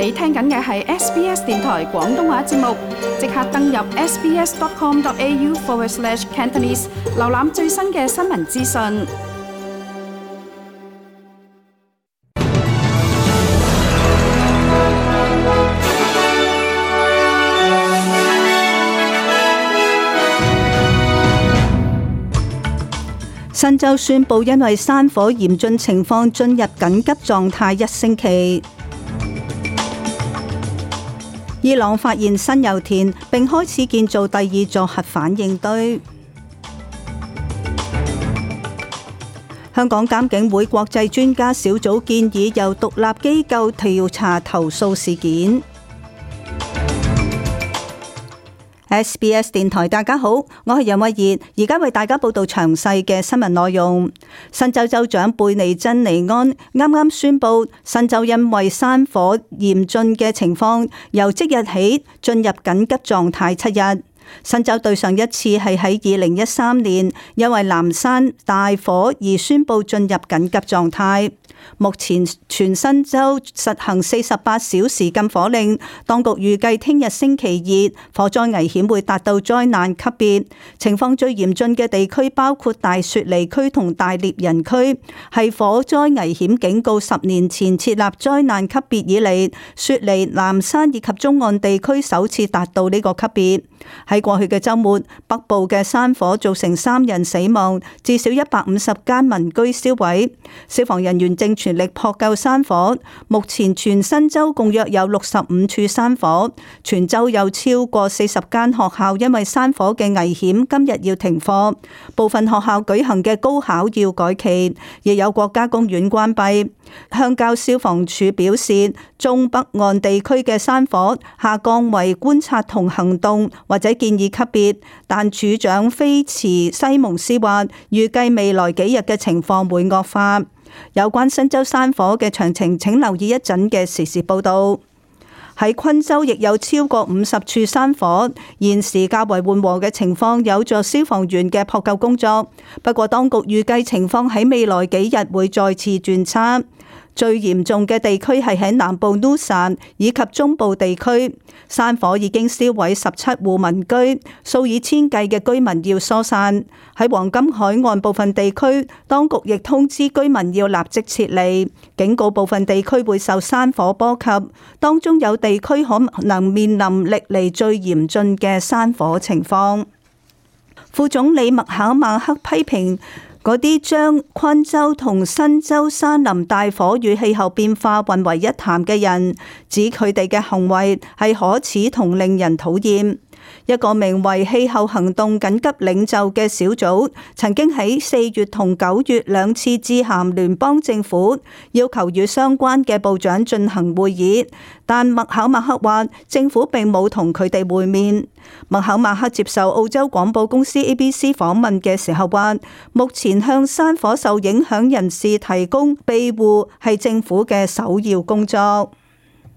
你聽緊嘅係 SBS 電台廣東話節目，即刻登入 sbs.com.au/cantonese，瀏覽最新嘅新聞資訊。新州宣布因為山火嚴峻情況，進入緊急狀態一星期。伊朗發現新油田，並開始建造第二座核反應堆。香港監警會國際專家小組建議由獨立機構調查投訴事件。SBS 電台，大家好，我係任慧怡，而家為大家報道詳細嘅新聞內容。新州州長貝尼珍尼安啱啱宣布，新州因為山火嚴峻嘅情況，由即日起進入緊急狀態七日。新州對上一次係喺二零一三年，因為南山大火而宣布進入緊急狀態。目前全新州實行四十八小時禁火令，當局預計聽日星期二火災危險會達到災難級別。情況最嚴峻嘅地區包括大雪梨區同大獵人區，係火災危險警告十年前設立災難級別以嚟，雪梨藍山以及中岸地區首次達到呢個級別。喺過去嘅周末，北部嘅山火造成三人死亡，至少一百五十間民居燒毀，消防人員正全力撲救山火，目前全新州共約有六十五處山火，全州有超過四十間學校因為山火嘅危險，今日要停課。部分學校舉行嘅高考要改期，亦有國家公園關閉。鄉郊消防處表示，中北岸地區嘅山火下降為觀察同行動或者建議級別，但署長菲茨西蒙斯話，預計未來幾日嘅情況會惡化。有關新州山火嘅詳情，請留意一陣嘅時事報道。喺昆州亦有超過五十處山火，現時較為緩和嘅情況有助消防員嘅撲救工作。不過當局預計情況喺未來幾日會再次轉差。最嚴重嘅地區係喺南部努薩以及中部地區，山火已經燒毀十七戶民居，數以千計嘅居民要疏散。喺黃金海岸部分地區，當局亦通知居民要立即撤離，警告部分地區會受山火波及，當中有地區可能面臨歷嚟最嚴峻嘅山火情況。副總理麥考曼克批評，嗰啲將昆州同新州山林大火與氣候變化混為一談嘅人，指佢哋嘅行為係可恥同令人討厭。一個名為氣候行動緊急領袖嘅小組，曾經喺四月同九月兩次致函聯邦政府，要求與相關嘅部長進行會議。但麥考馬克話，政府並冇同佢哋會面。麥考馬克接受澳洲廣播公司 ABC 訪問嘅時候話，目前向山火受影響人士提供庇護係政府嘅首要工作。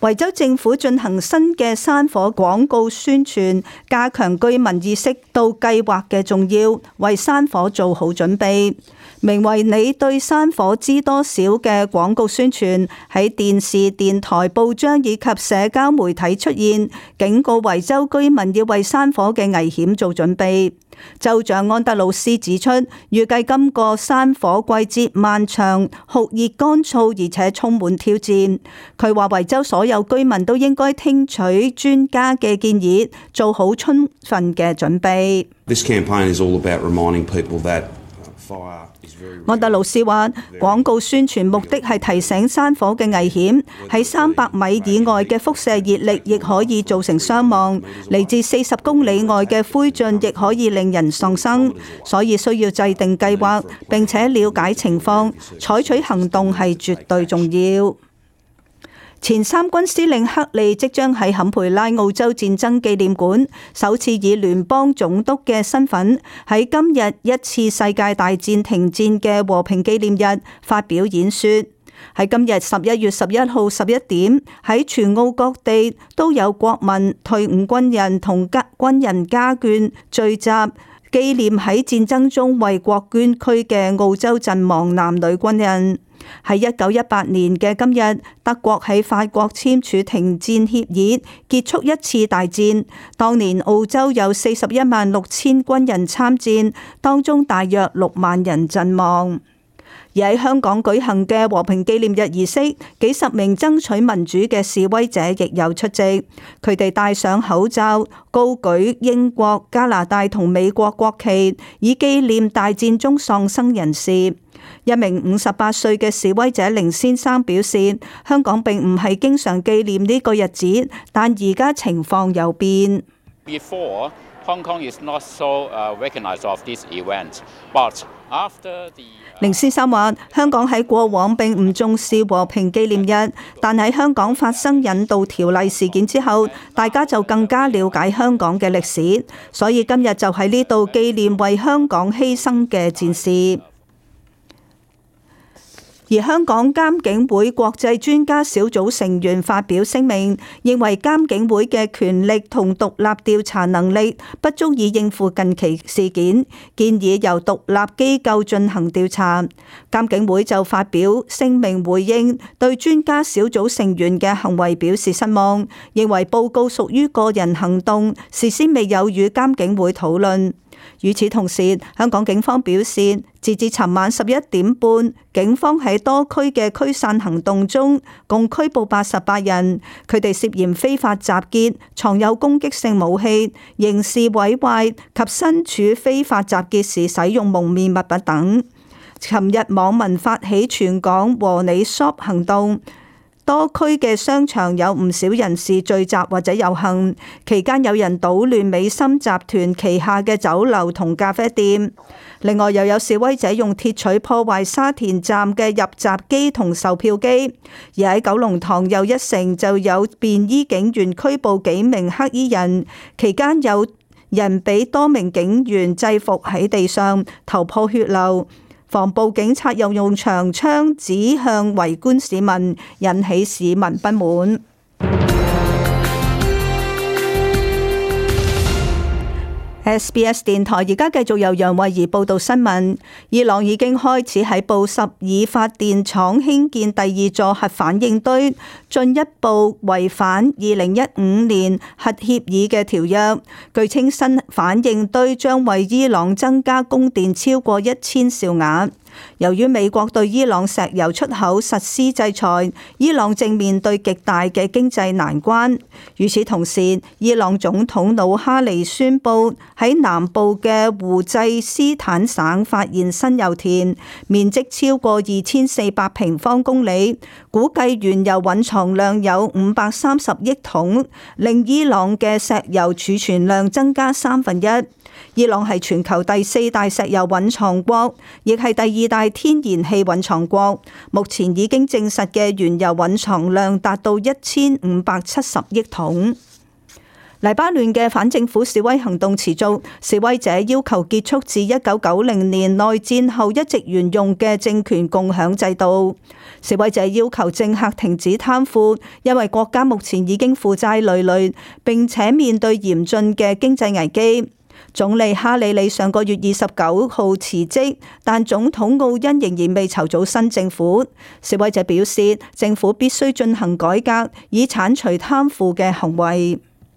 維州政府進行新嘅山火廣告宣傳，加強居民意識到計劃嘅重要，為山火做好準備。名為《你對山火知多少》嘅廣告宣傳喺電視、電台、報章以及社交媒體出現，警告維州居民要為山火嘅危險做準備。州長安德魯斯指出，預計今個山火季節漫長、酷熱、乾燥，而且充滿挑戰。佢話維州所有居民都應該聽取專家嘅建議，做好充分嘅準備。安德魯斯話：廣告宣傳目的係提醒山火嘅危險，喺三百米以外嘅輻射熱力亦可以造成傷亡，嚟自四十公里外嘅灰燼亦可以令人喪生，所以需要制定計劃，並且了解情況，採取行動係絕對重要。前三軍司令克利即將喺坎培拉澳洲戰爭紀念館，首次以聯邦總督嘅身份喺今日一次世界大戰停戰嘅和平紀念日發表演說。喺今日十一月十一號十一點，喺全澳各地都有國民、退伍軍人同軍軍人家眷聚集，紀念喺戰爭中為國捐軀嘅澳洲陣亡男女軍人。喺一九一八年嘅今日，德國喺法國簽署停戰協議，結束一次大戰。當年澳洲有四十一萬六千軍人參戰，當中大約六萬人陣亡。而喺香港舉行嘅和平紀念日儀式，幾十名爭取民主嘅示威者亦有出席。佢哋戴上口罩，高舉英國、加拿大同美國國旗，以紀念大戰中喪生人士。一名五十八歲嘅示威者林先生表示，香港並唔係經常紀念呢個日子，但而家情況有變。 林先生話：香港喺過往並唔重視和平紀念日，但喺香港發生引渡條例事件之後，大家就更加了解香港嘅歷史，所以今日就喺呢度紀念為香港犧牲嘅戰士。而香港監警會國際專家小組成員發表聲明，認為監警會嘅權力同獨立調查能力不足以應付近期事件，建議由獨立機構進行調查。監警會就發表聲明回應，對專家小組成員嘅行為表示失望，認為報告屬於個人行動，事先未有與監警會討論。與此同時，香港警方表示，截至尋晚十一點半，警方喺多區嘅驅散行動中，共拘捕八十八人，佢哋涉嫌非法集結、藏有攻擊性武器、刑事毀壞及身處非法集結時使用蒙面物品等。尋日網民發起全港和你 shop 行動。多區嘅商場有唔少人士聚集，或者遊行，期間有人搗亂美心集團旗下嘅酒樓同咖啡店。另外又有示威者用鐵錘破壞沙田站嘅入閘機同售票機，而喺九龍塘又一城就有便衣警員拘捕幾名黑衣人，期間有人俾多名警員制服喺地上，頭破血流。防暴警察又用長槍指向圍觀市民，引起市民不滿。SBS 電台而家繼續由楊慧儀報道新聞。伊朗已經開始喺布什爾發電廠興建，建第二座核反應堆，進一步違反二零一五年核協議嘅條約。據稱，新反應堆將為伊朗增加供電超過一千兆瓦。由於美國對伊朗石油出口實施制裁，伊朗正面對極大嘅經濟難關。與此同時，伊朗總統魯哈尼宣布喺南部嘅胡濟斯坦省發現新油田，面積超過二千四百平方公里，估計原油蘊藏量有五百三十億桶，令伊朗嘅石油儲存量增加三分一。伊朗係全球第四大石油蘊藏國，亦係第二大天然氣蘊藏國，目前已經證實嘅原油蘊藏量達到一千五百七十億桶。黎巴嫩嘅反政府示威行動持續，示威者要求結束自一九九零年內戰後一直沿用嘅政權共享制度。示威者要求政客停止貪腐，因為國家目前已經負債累累，並且面對嚴峻嘅經濟危機。總理哈里利上個月二十九號辭職，但總統奧恩仍然未籌組新政府。示威者表示，政府必須進行改革，以剷除貪腐嘅行為。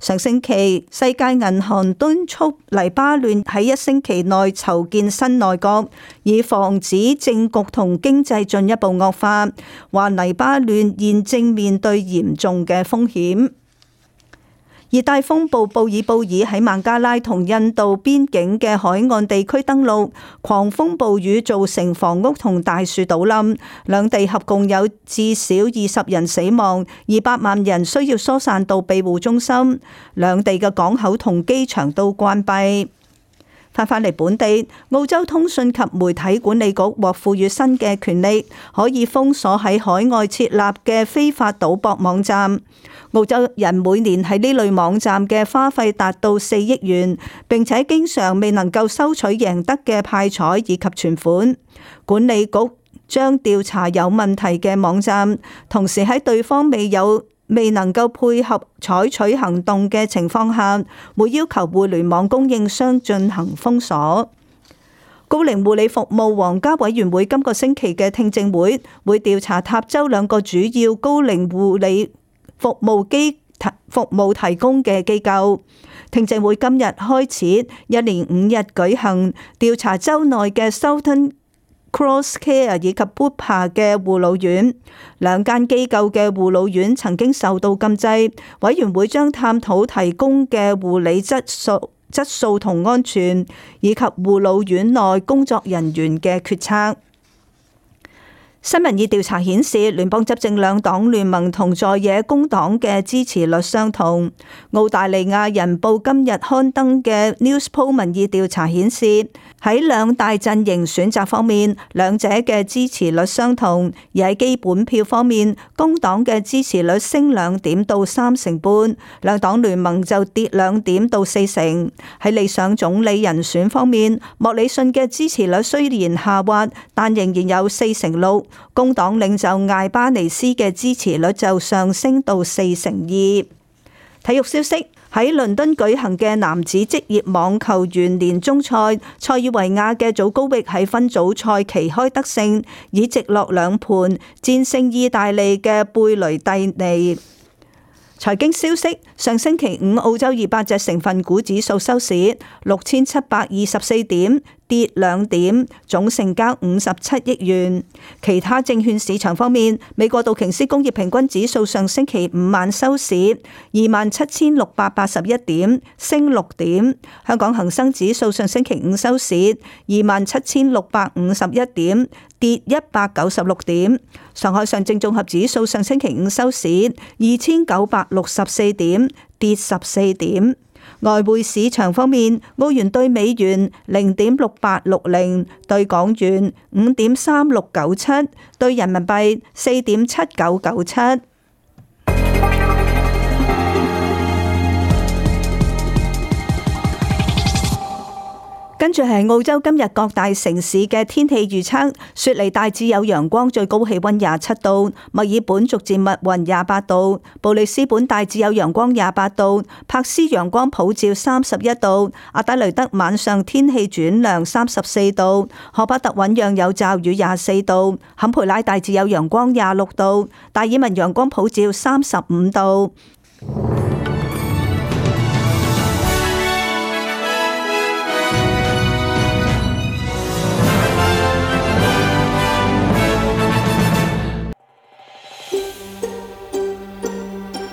上星期，世界銀行敦促黎巴嫩喺一星期內籌建新內閣，以防止政局同經濟進一步惡化，話黎巴嫩現正面對嚴重嘅風險。熱帶風暴布爾布爾喺孟加拉同印度邊境嘅海岸地區登陸，狂風暴雨造成房屋同大樹倒冧，兩地合共有至少二十人死亡，二百萬人需要疏散到庇護中心，兩地嘅港口同機場都關閉。返嚟本地，澳洲通訊及媒體管理局獲賦予新嘅權利，可以封鎖喺海外設立嘅非法賭博網站。澳洲人每年喺呢類網站嘅花費達到四億元，並且經常未能夠收取贏得嘅派彩以及存款。管理局將調查有問題嘅網站，同時喺對方未有，未能夠配合採取行動嘅情況下，會要求互聯網供應商進行封鎖。高齡護理服務皇家委員會今個星期嘅聽證會會調查塔州兩個主要高齡護理服務機服務提供嘅機構。聽證會今日開始，一連五日舉行調查州內嘅收聽。Cross Care 以及 Bupa 嘅護老院，兩間機構嘅護老院曾經受到禁制。委員會將探討提供嘅護理質素、質素同安全，以及護老院內工作人員嘅決策。新民意調查顯示，聯邦執政兩黨聯盟同在野工黨嘅支持率相同。澳大利亞人報今日刊登嘅 NewsPoll 民意調查顯示，喺兩大陣營選擇方面，兩者嘅支持率相同；而喺基本票方面，工黨嘅支持率升兩點到三成半，兩黨聯盟就跌兩點到四成。喺理想總理人選方面，莫里遜嘅支持率雖然下滑，但仍然有四成六。工黨領袖艾巴尼斯嘅支持率就上升到四成二。體育消息，喺倫敦舉行嘅男子職業網球員年終賽，塞爾維亞嘅祖高域喺分組賽旗開得勝，以直落兩盤戰勝意大利嘅貝雷蒂尼。財經消息：上星期五，澳洲二百隻成分股指數收市六千七百二十四點，跌兩點，總成交五十七億元。其他證券市場方面，美國道瓊斯工業平均指數上星期五晚收市二萬七千六百八十一點，升六點。香港恒生指數上星期五收市二萬七千六百五十一點。跌一百九十六點，上海上證綜合指數上星期五收市二千九百六十四點，跌十四點。外匯市場方面，澳元兌美元零點六八六零，兌港元五點三六九七，兌人民幣四點七九九七。跟住係澳洲今日各大城市嘅天氣預測：雪梨大致有陽光，最高氣溫廿七度；墨爾本逐漸密雲廿八度；布里斯本大致有陽光廿八度；帕斯陽光普照三十一度；阿德雷德晚上天氣轉涼三十四度；荷巴特醞釀有驟雨廿四度；坎培拉大致有陽光廿六度；達爾文陽光普照三十五度。